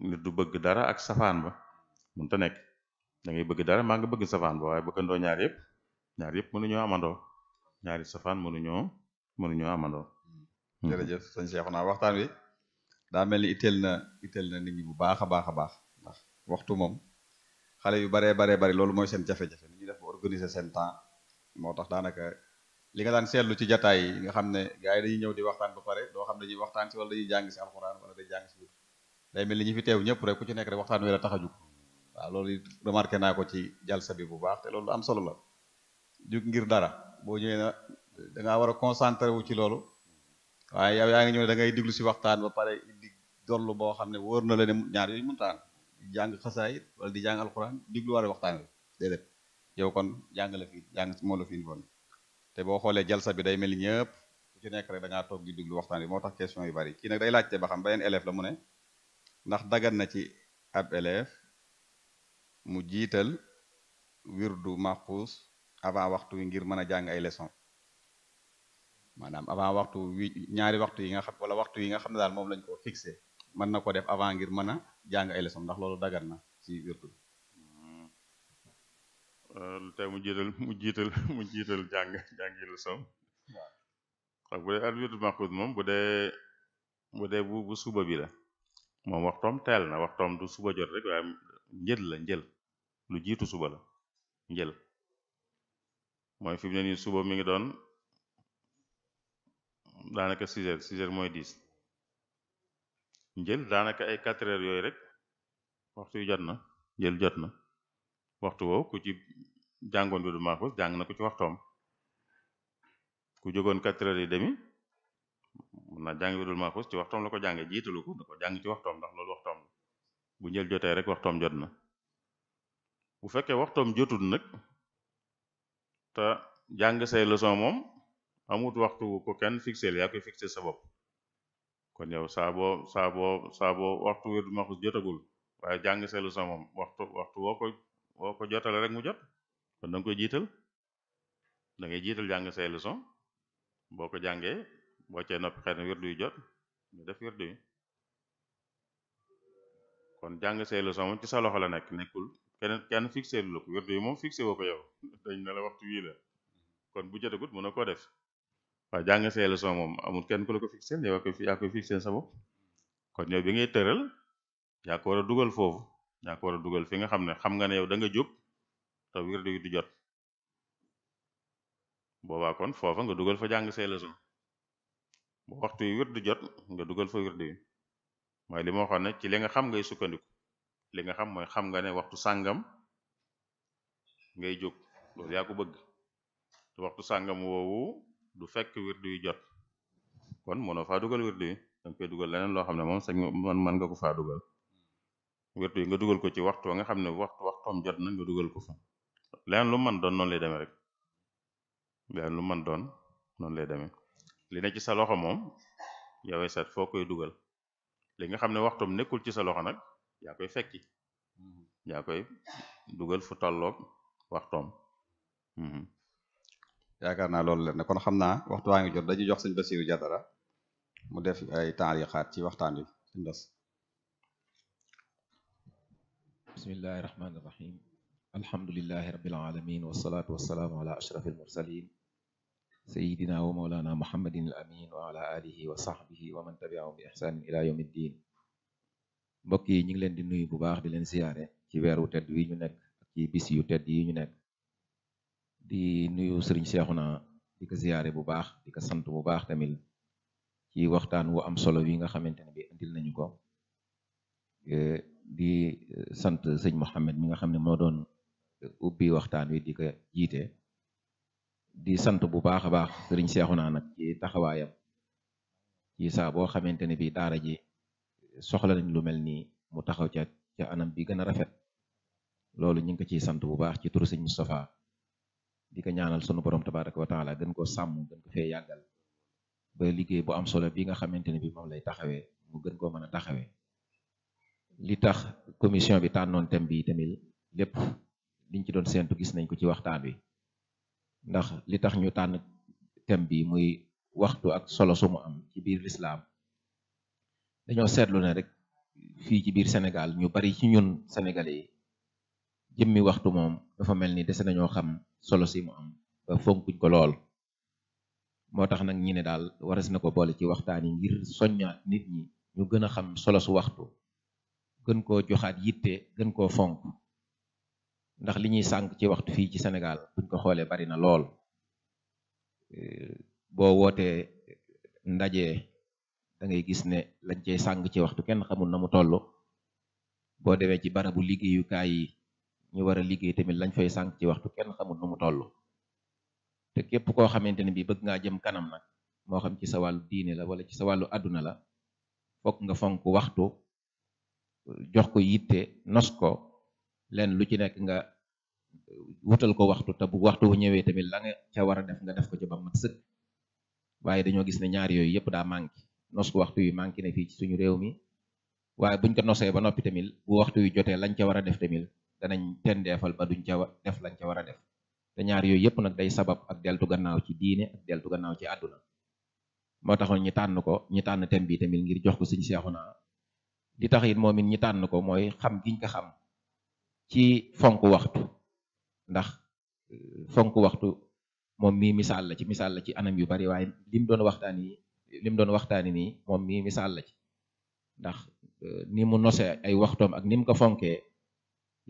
nit du bëgg dara ak safaan ba mun ta nekk da ngay bëgg dara maa nga bëgg safaan ba waaye bëggandoo ñaar yëpp ñaar yëpp mënuñoo amandoo ñaari safaan mënuñoo mënuñoo amandoo hmm. jërëjëf sëñ Cheikh naa waxtaan wi daa mel ni itteel na itteel na nit bu baax a baax a baax waxtu moom xale yu baree baree bari loolu mooy seen jafe-jafe ni ñuy def ba organiser seen temps moo tax daanaka li nga daan seetlu ci jataay yi nga xam ne gars yi dañuy ñëw di waxtaan ba pare doo xam dañuy waxtaan si wala dañuy jàng si alxuraan wala day jàng si day mel ni ñu fi teew ñëpp rek ku nekk rek waxtaan wi la tax a jóg waaw loolu naa ko ci jalsa bi bu baax te loolu am solo la jóg ngir dara boo ñëwee na da war a concentré wu ci loolu waaye yow yaa ngi ñëw da ngay diglu si waxtaan ba pare di dollu boo xam ne wóor na la ne ñaar yooyu mënut a di jàng di jàng alxuraan diglu war a waxtaan wi déedéet yow kon jàng la fi jàng moo la fi bon te boo xoolee jalsa bi day mel ni ci nekk rek da toog di déglu waxtaan bi moo tax question yu bari kii nag day laajte ba xam beneen élève la mu ne ndax dagan na ci ab élève mu jiital wirdu maxfuus avant waxtu wi ngir mën a jàng ay leçon maanaam avant waxtu wi ñaari waxtu yi nga xam wala waxtu yi nga xam ne daal moom lañ ko fixé mën na ko def avant ngir mën a jàng ay ndax loolu dagan na ci wirdu te mu jiital mu jiital mu jiital jàng jàng yi la soom moom bu dee bu bu suba bi la moom waxtoom teel na waxtoom du suba jot rek waaye njël la njël lu jiitu suba la njël mooy fi ne nii suba mi ngi doon daanaka six heures mooy dix njël daanaka ay quatre heures yooyu rek waxtu jot na njël jot na waxtu wo ku ci jàngoon bi du maafus jàng na ko ci waxtoom ku jógoon quatre heures et demi mun naa jàng bi dul maafus ci waxtoom la ko jàngee jiitalu ko da ko jàng ci ndax loolu waxtoom bu njël jotee rek waxtoom jot na bu fekkee waxtoom jotul nag te jàng say leçon moom amut waxtu wu ko kenn fixeel yaa koy fixé sa bopp kon yow saaboo saaboo waxtu wi du jotagul waaye jàng say leçon moom waxtu waxtu boo ko jotale rek mu jot kon da koy jiital da ngay jiital jàng say leçon boo ko jàngee boo cee noppi xëy na wirdu jot ñu def wirdu kon jàng say leçon moom ci sa loxo la nekk kul kenn kenn fixé lu ko wirdu yi moom fixé woo ko yow dañ ne la waxtu wii kon bu jotagut mën na koo def waaye jàng say leçon moom amul kenn ku la ko fixé yow yaa koy fixé sa bopp kon yow bi ngay tëral yaa ko war a dugal foofu. na ko a dugal fi nga xam ne xam nga ne yow da nga jub te wird wi jot boobaa kon foofa nga dugal fa jàng say leçon bu waxtu wi wird jot nga dugal fa wird wi mooy li ma waxoon ne ci li nga xam ngay sukkandiku li nga xam mooy xam nga ne waxtu sàngam ngay jóg loolu yaa ko bëgg te waxtu sàngam woowu du fekk wird wi jot kon mënoo faa dugal wir wi danga koy dugal leneen loo xam ne moom sañ man mën nga ko faa dugal wérdu yi nga dugal ko ci waxtu nga xam ne waxtu waxtoom jot na nga dugal ko fa lu man doon noonu lay demee rek leneen lu man doon noonu lay demee li ne ci sa loxo moom yowee seet foo koy dugal li nga xam ne waxtoom nekkul ci sa loxo nag yaa koy fekki mm-hmm. yaa koy dugal fu tolloog waxtoom mm-hmm. yaakaar naa loolu leen kon xam naa waxtu waa ngi jot dañuy jox sëñ Basiru Jadara mu def ay taarixaat ci waxtaan wi sëñ Bas bismillahi rahmaani rahim alhamdulilahi rabbil alamin wasalaatu wasalaamu ala ashraf almursalin sayidina wa maulana muhammadin amin wa ala alihi wa sahbihi wa man tabiahum bi ihsanin ila yawmi ddin mbokk yi ñu ngi leen di nuyu bu baax di leen siyaare ci weeru tedd wi ñu nekk ak ci bis yu tedd yi ñu nekk di nuyu sëriñ Seexuna di ko siyaare bu baax di ko sant bu baax tamit ci waxtaan wu am solo wi nga xamante ne bi indil nañu ko eh, di eh, sant sëñ Mouhamed mi nga xam ne moo doon eh, ubbi waxtaan wi di ko jiite di sant bu baax a baax sëriñ Seexuna nag ci taxawaayam ci saa boo xamante ne bii daara ji eh, soxla nañ lu mel nii mu taxaw ca ca anam bi gën a rafet loolu ñu ngi ciy sant bu baax ci turu sëñ Moustapha di ko ñaanal sunu borom tabaraka wa taala gën koo sàmm gën ko fee yàggal liggéey bu am solo bi nga xamante ne bii moom lay taxawee mu gën koo mën a taxawee. li tax commission bi tànnoon thème bi tamit lépp liñ ci doon séntu gis nañ ko ci waxtaan wi ndax li tax ñu tànn thème bi muy waxtu ak solo su mu am ci biir lislaam dañoo seetlu ne rek fii ci biir Sénégal ñu bari ci ñun sénégalais yi jëmmi waxtu moom dafa mel ni dese nañoo xam solo si mu am ba fonkuñ ko lool moo tax nag ñi ne daal waras na ko boole ci waxtaan yi ngir soññaat nit ñi ñu gën a xam solo su waxtu gën koo joxaat yitte gën koo fonk ndax li ñuy sànq ci waxtu fii ci Sénégal buñ ko xoolee bari na lool boo wootee ndaje da gis ne lañ cey sànq ci waxtu kenn xamul na mu toll boo demee ci barabu liggéeyukaay yi ñu war a liggéey tamit lañ fay sànq ci waxtu kenn xamul nu mu toll te képp koo xamante ne bi bëgg ngaa jëm kanam nag moo xam ci sa wàllu diine la wala ci sa wàllu àdduna la fokk nga fonk waxtu jox ko yitte nos ko lenn lu ci nekk nga wutal ko waxtu te bu waxtu bu ñëwee tamit la nga ca war a def nga def ko ci ba mat sëkk waaye dañoo gis ne ñaar yooyu yëpp daa manqué nos ko waxtu wi manqué ne fii ci suñu réew mi waaye buñ ko nosee ba noppi tamit bu waxtu wi jotee lañ ca war a def tamit danañ ten ba duñ ca def lañ ca war a def te ñaar yooyu yëpp nag day sabab ak deltu gannaaw ci diine ak deltu gannaaw ci àdduna moo taxoon ñi tànn ko ñi tànn thème bi tamit ngir jox ko suñu seexu naa di tax it moom it ñi tànn ko mooy xam giñ ko xam ci fonk waxtu ndax euh, fonk waxtu moom mii misaal la ci misaal la ci anam yu bari waaye lim doon waxtaan yi lim doon waxtaani nii moom mii la ci ndax euh, ni mu nose ay waxtom ak nim mu ko fonkee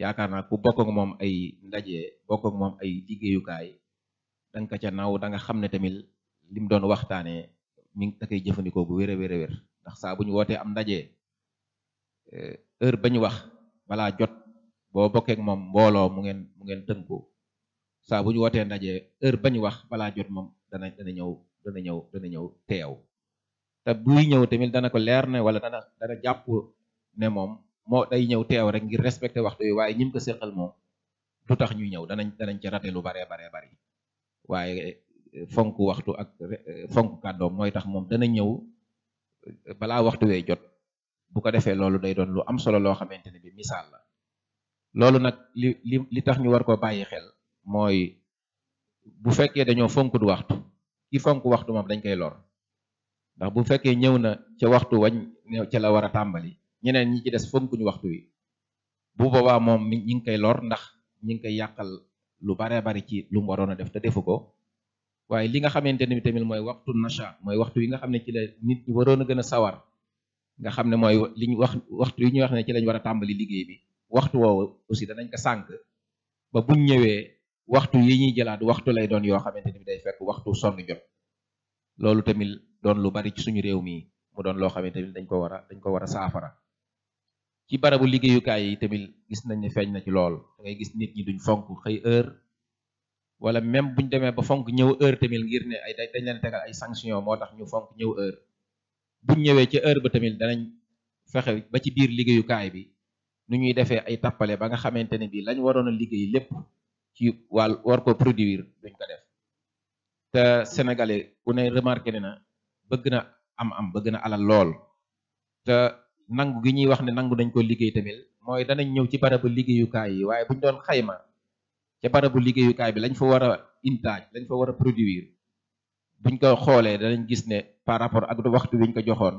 yaakaar naa ku bokk ak moom ay ndaje bokk ak moom ay liggéeyukaay da nga ko ca naw danga nga xam ne tamit lim doon waxtaanee mi ngi da koy jëfandikoo bu wér a ndax saa bu ñu wootee am ndaje Euh, heure ba wax balaa jot boo bokkeek moom mbooloo mu ngeen mu ngeen tënkoo saa bu ñu wootee ndaje heure ba ñu wax balaa jot moom dana dana ñëw dana ñëw dana ñëw teew te buy ñëw tamit dana ko leer ne wala dana dana jàpp ne moom moo day ñëw teew rek ngir respecté waxtu yi waaye ñim ko séqal moom du tax ñuy ñëw danañ danañ ci raté lu baree baree bari waaye eh, fonk waxtu ak eh, fonk kàddoom mooy tax moom dana ñëw balaa waxtu wee jot bu ko defee loolu day doon lu am solo loo xamante ne bi misaal la loolu nag li li tax ñu war ko bàyyi xel mooy bu fekkee dañoo fonkut waxtu ki fonk waxtu moom dañ koy loor ndax bu fekkee ñëw na ca waxtu wañ ca la war a tàmbali ñeneen ñi ci des fonkuñu waxtu wi bu boobaa moom ñi ngi koy lor ndax ñi ngi koy yàqal lu baree bari ci lu mu waroon a def te defu ko waaye li nga xamante ne bi tamit mooy waxtu nasha mooy waxtu wi nga xam ne ci la nit ñi waroon a gën a sawar nga xam ne mooy li ñu wax waxtu yi ñuy wax ne ci lañ war a liggéey waxtu woowu aussi danañ ko sànq ba buñ ñëwee waxtu yi ñuy jëlaat waxtu lay doon yoo xamante ni day fekk waxtu sonn jot loolu tamit doon lu bari ci suñu réew mi mu doon loo xamante ni dañ ko war a dañ ko war a saafara ci barabu liggéeyukaay yi tamit gis nañ ne feeñ na ci lool da ngay gis nit ñi duñ fonk xëy heure wala même buñ demee ba fonk ñëw heure tamit ngir ne ay dañ leen tegal ay sanction moo tax ñu fonk ñëw heure buñ ñëwee ci heure ba tamit danañ fexe ba ci biir liggéeyukaay bi nu ñuy defee ay tappale ba nga xamante ne bii lañ waroon a liggéey lépp ci wàll war ko produire duñ ko def te sénégalais ku ne remarqué ne na bëgg na am am bëgg na alal lool te nangu gi ñuy wax ne nangu dañ ko liggéey tamit mooy danañ ñëw ci barabu liggéeyukaay yi waaye buñ doon xayma ca barabu liggéeyukaay bi lañ fa war a intaaj lañ fa war a produire buñ ko xoolee danañ gis ne par rapport ak waxtu wiñ ko joxoon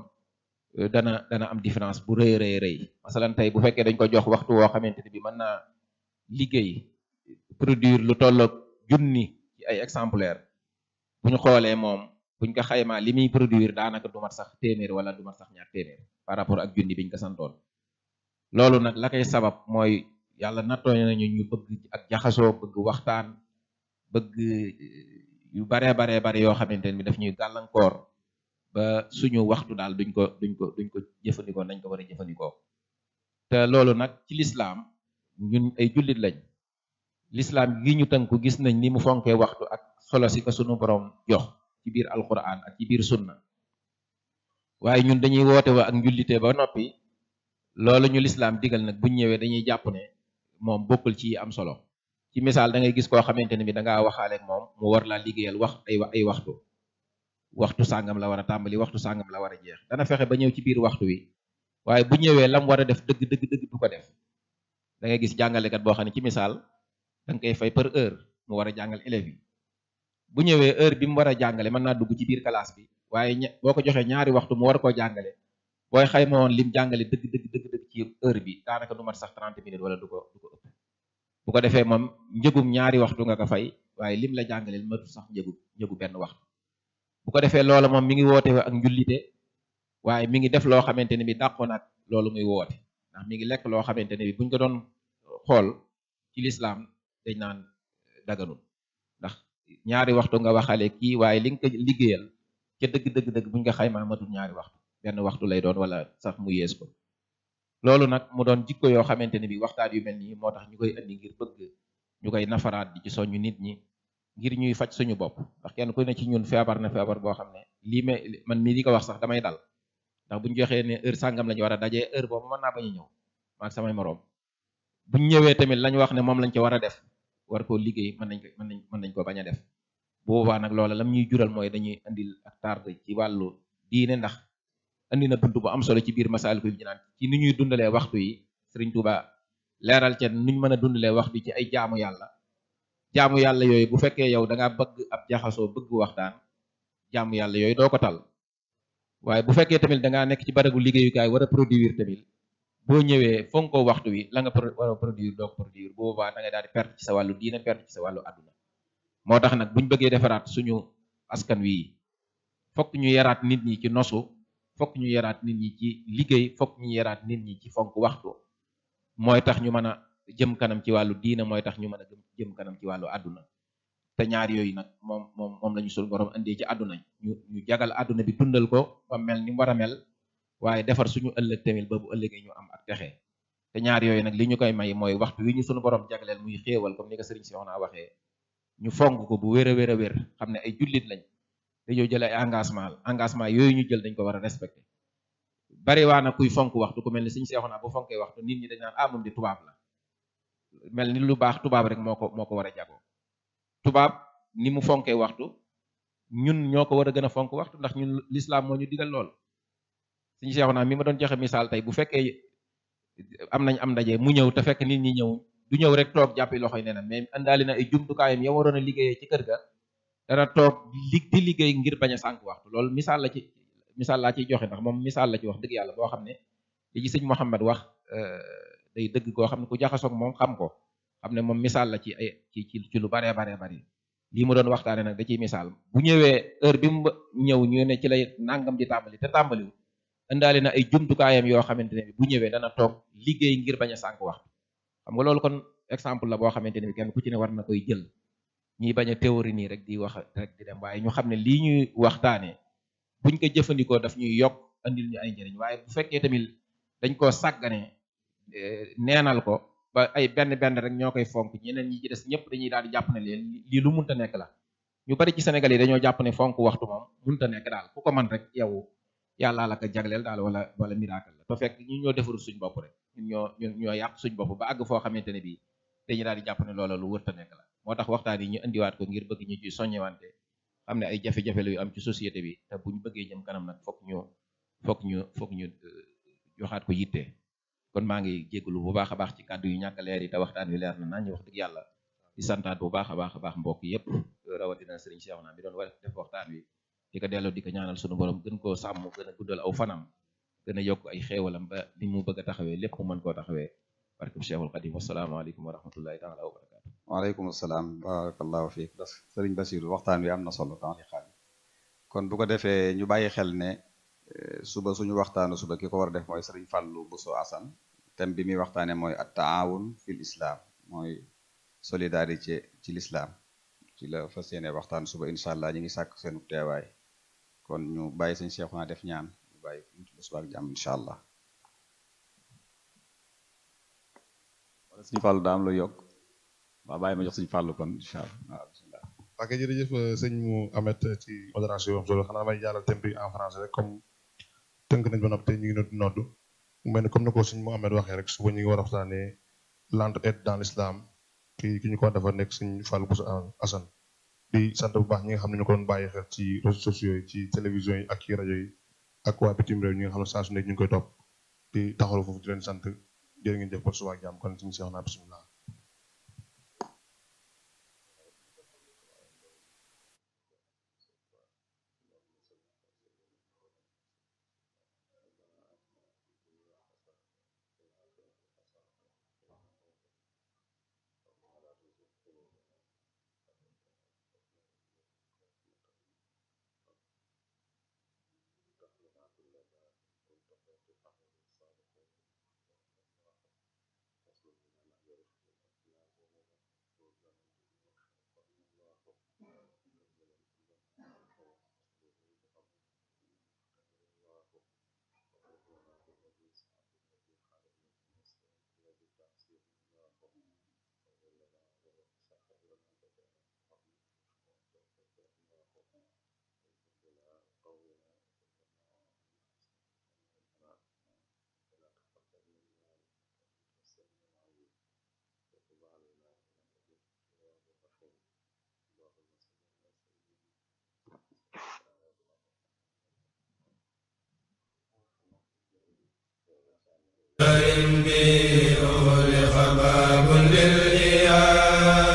euh, dana dana am différence bu rëy rëy rëy masalan tey bu fekkee dañ ko jox waxtu woo xamante ne bi mën naa liggéey produire lu tolloog junni ci ay exemplaires bu ñu xoolee moom buñ ko xaymaa li muy produire daanaka du mat sax téeméer wala du mat sax ñaar téeméer par rapport ak junni biñ ko santoon loolu nag la sabab mooy yàlla nattoo nañu ñu bëgg ak jaxasoo bëgg waxtaan bëgg yu baree baree bare yoo xamante ne bi daf ñuy gàllankoor ba suñu waxtu daal duñ ko duñ ko duñ ko jëfandikoo nañ ko war a jëfandikoo te loolu nag ci lislaam ñun ay jullit lañ lislaam gi ñu tënku gis nañ ni mu fonkee waxtu ak solo si ko sunu borom jox ci biir alquran ak ci biir sunna waaye ñun dañuy woote wa ak njullite ba noppi loolu ñu lislaam digal nag buñ ñëwee dañuy jàpp ne moom bokkul ci am solo ci misaal da ngay gis koo xamante ne bi da ngaa waxaale moom mu war laa liggéeyal wax ay ay waxtu waxtu sàngam la war a tàmbali waxtu sàngam la war a jeex dana fexe ba ñëw ci biir waxtu wi waaye bu ñëwee lam war a def dëgg dëgg dëgg du ko def da ngay gis jàngalekat boo xam ne ci misaal da nga koy fay par heure mu war a jàngal élèves yi bu ñëwee heure bi mu war a jàngale mën naa dugg ci biir classe bi waaye boo ko joxee ñaari waxtu mu war koo jàngale booy xayma woon lim jàngale dëgg bi daanaka du mat sax 30 minutes wala du ko du ko ëpp bu ko defee moom njëgum ñaari waxtu nga ko fay waaye lim la jàngaleel matu sax njëgu njëgu benn waxtu bu ko defee loola moom mi ngi woote ak njullite waaye mi ngi def loo xamante ne bi dàqoon naak loolu muy woote ndax mi ngi lekk loo xamante ne bi buñ ko doon xool ci lislaam dañ naan daganul ndax ñaari waxtu nga waxale kii waaye li nga ko liggéeyal ca dëgg dëgg buñ ko xaymaa matul ñaari waxtu benn waxtu lay doon wala sax mu yees ko loolu nag mu doon jikko yoo xamante ne bi waxtaan yu mel ni moo tax ñu koy indi ngir bëgg ñu koy nafaraat di ci soññu nit ñi ngir ñuy faj suñu bopp ndax kenn ku ne ci ñun feebar na feebar boo xam ne lii ma man mii di ko wax sax damay dal ndax buñu joxee ne heure sàngam lañu war a dajee heure boobu mën naa bañu ñëw maak samay moroom buñ ñëwee tamit lañ wax ne moom lañ ci war a def war koo liggéey mën nañ ko mën nañ mën nañ ko bañ a def boobaa nag loola lam ñuy jural mooy dañuy indil ak tarde ci wàllu diine ndax andi na buntu bu am solo ci biir Masaalikul Jinaan ci ni ñuy dundalee waxtu yi Sëriñ Tuubaa leeral ca nuñ mën a dundalee waxtu ci ay jaamu yàlla jaamu yàlla yooyu bu fekkee yow da bëgg ab jaxasoo bëgg waxtaan yàlla yooyu doo ko tal waaye bu fekkee tamit da ngaa nekk ci baragu liggéeyukaay war a produire tamit boo ñëwee fonkoo waxtu wi la nga war a produire doo ko produire bu boobaa da daal perte ci sa wàllu diina perte ci sa wàllu àdduna moo tax nag buñ bëggee defaraat suñu askan wi fokk ñu yaraat nit ñi ci nosu fokk ñu yaraat nit ñi ci liggéey fokk ñu yaraat nit ñi ci fonk waxtu mooy tax ñu mën a jëm kanam ci wàllu diina mooy tax ñu mën a jëm kanam ci wàllu àdduna te ñaar yooyu nag moom moom moom la ñu suñu borom indee ci àdduna ñu ñu jagal àdduna bi tundal ko ba mel ni mu war a mel waaye defar suñu ëllëg tamit ba bu ëllëgee ñu am ak texe te ñaar yooyu nag li ñu koy may mooy waxtu wi ñu suñu borom jagleel muy xéewal comme ni ko sëriñ si wax naa waxee ñu fonk ko bu wér a wér a wér xam ne ay jullit lañ dañoo jël engagement la engagement yooyu ñu jël dañ ko war a respecté bari waa na kuy fonk waxtu ku mel ni suñu seexoon naa bu fonkee waxtu nit ñi dañ naan ah moom di tubaab la mel ni lu baax tubaab rek moo ko moo ko war a jagoo tubaab ni mu fonkee waxtu ñun ñoo ko war a gën a fonk waxtu ndax ñun l'islam moo ñu digal lool suñu seexoon naa mi ma doon joxe misaal tey bu fekkee am nañ am ndaje mu ñëw ta fekk nit ñi ñëw du ñëw rek toog jàppi loxoy nee na mais indaali na ay jumtukaayam ya waroon a ci kër ga dana toog lig liggéey ngir bañ a sànq waxtu loolu misaal la ci misaal laa ciy joxe ndax moom misaal la ci wax dëgg yàlla boo xam ne li ci sëñ Mouhamed wax euh, day dëgg koo xam ne ku jaxasoog moom xam ko xam ne moom misaal la ci ay ci ci lu baree baree bari lii mu doon waxtaane nag da ciy misaal bu ñëwee heure bi mu ñëw ñu ne ci lay nangam di tambali te tàmbaliwu indaale na ay jumtukaayam yoo xamante ne bu ñëwee dana toog liggéey ngir bañ a sànq waxtu xam nga loolu kon exemple la boo xamante ne bi ku ci ne war na koy jël ñuy bañ a théorie nii rek di wax rek di dem waaye ñu xam ne lii ñuy waxtaanee buñ ko jëfandikoo daf ñuy yokk andil ñu ay njëriñ waaye bu fekkee tamit dañ koo sàggane e, neenal ko ba ay benn benn rek ñoo koy fonk ñeneen ñi ci ñëpp dañuy daal di jàpp ne leen lii lu munta nekk la ñu bari ci Sénégal yi dañoo jàpp ne fonk waxtu moom ta nekk daal ku ko man rek yow yàllaa la ko jagleel daal wala wala miracle la te fekk ñun ñoo defarul suñ bopp rek ñoo ñun ñoo yàq suñ bopp ba àgg foo xamante ne bii dañuy daal di jàpp ne loola lu wërta nekk la moo tax waxtaan wi ñu indiwaat ko ngir bëgg ñu ji ci soññewante xam ne ay jafe-jafe la yu am ci société bi te bu ñu bëggee jëm kanam nag foog ñu foog ñu foog ñu euh, joxaat ko yitte kon maa ngi jégalu bu baax a baax ci kàddu yu ñàkk leer yi te waxtaan wi leer na nañu wax dëgg yàlla di santaat bu baax a baax a baax mbokk yëpp euh, rawatina sëriñ Cheikhouna bi doon wa def waxtaan wi di ko delloo di ko ñaanal sunu borom gën koo sàmm gën a guddal aw fanam gën a yokk ay xeewalam ba li mu bëgg taxawee lépp mu mën koo taxawee barkeb Cheikhul Xadim wasalaamaaleykum wa rahmatullahi taala wa barakatu waaleykum salaam barakallahu fiik bas sëriñ Basiru waxtaan wi am na solo temps li kon bu ko defee ñu bàyyi xel ne eh, suba suñu waxtaan suba ki ko war a def mooy sëriñ Fàllu Buso Asan thème bi muy waxtaane mooy at taawun fil islam mooy solidarité ci l'islam ci la fas yéene waxtaan suba incha allah ñu ngi sàkk seenu teewaay kon ñu bàyyi sëñ Seexuna def ñaan ñu bàyyi ba suba allah wala sëñ Fàllu daam lu yokk waaw bàyyi ma jox suñu fàllu kon incha allah waaw bisimilah. Euh, euh, ci modération bi am solo xanaa may jàllal thème bi en français comme tënk nañ ba noppi te ñu ngi doon noddu mu mel ni comme ni ko sëñ mu Amet waxee rek suba ñu ngi war a waxtaanee l'entraide dans l'islam ki ki ñu ko dafa nekk sëñ Fallou Bousso Assane di sant bu baax ñi nga xam ne ñu ko doon bàyyi xel ci réseaux sociaux yi ci télévision yi ak ci rajo yi ak waa bitim réew ñi nga xam ne saa su nekk ñu ngi koy topp di taxawal foofu di leen sant jërë ngeen jëf ba suba ak jàmm kon suñu seex naa bisimilah قوي karim bi uli xabaab lil iyaal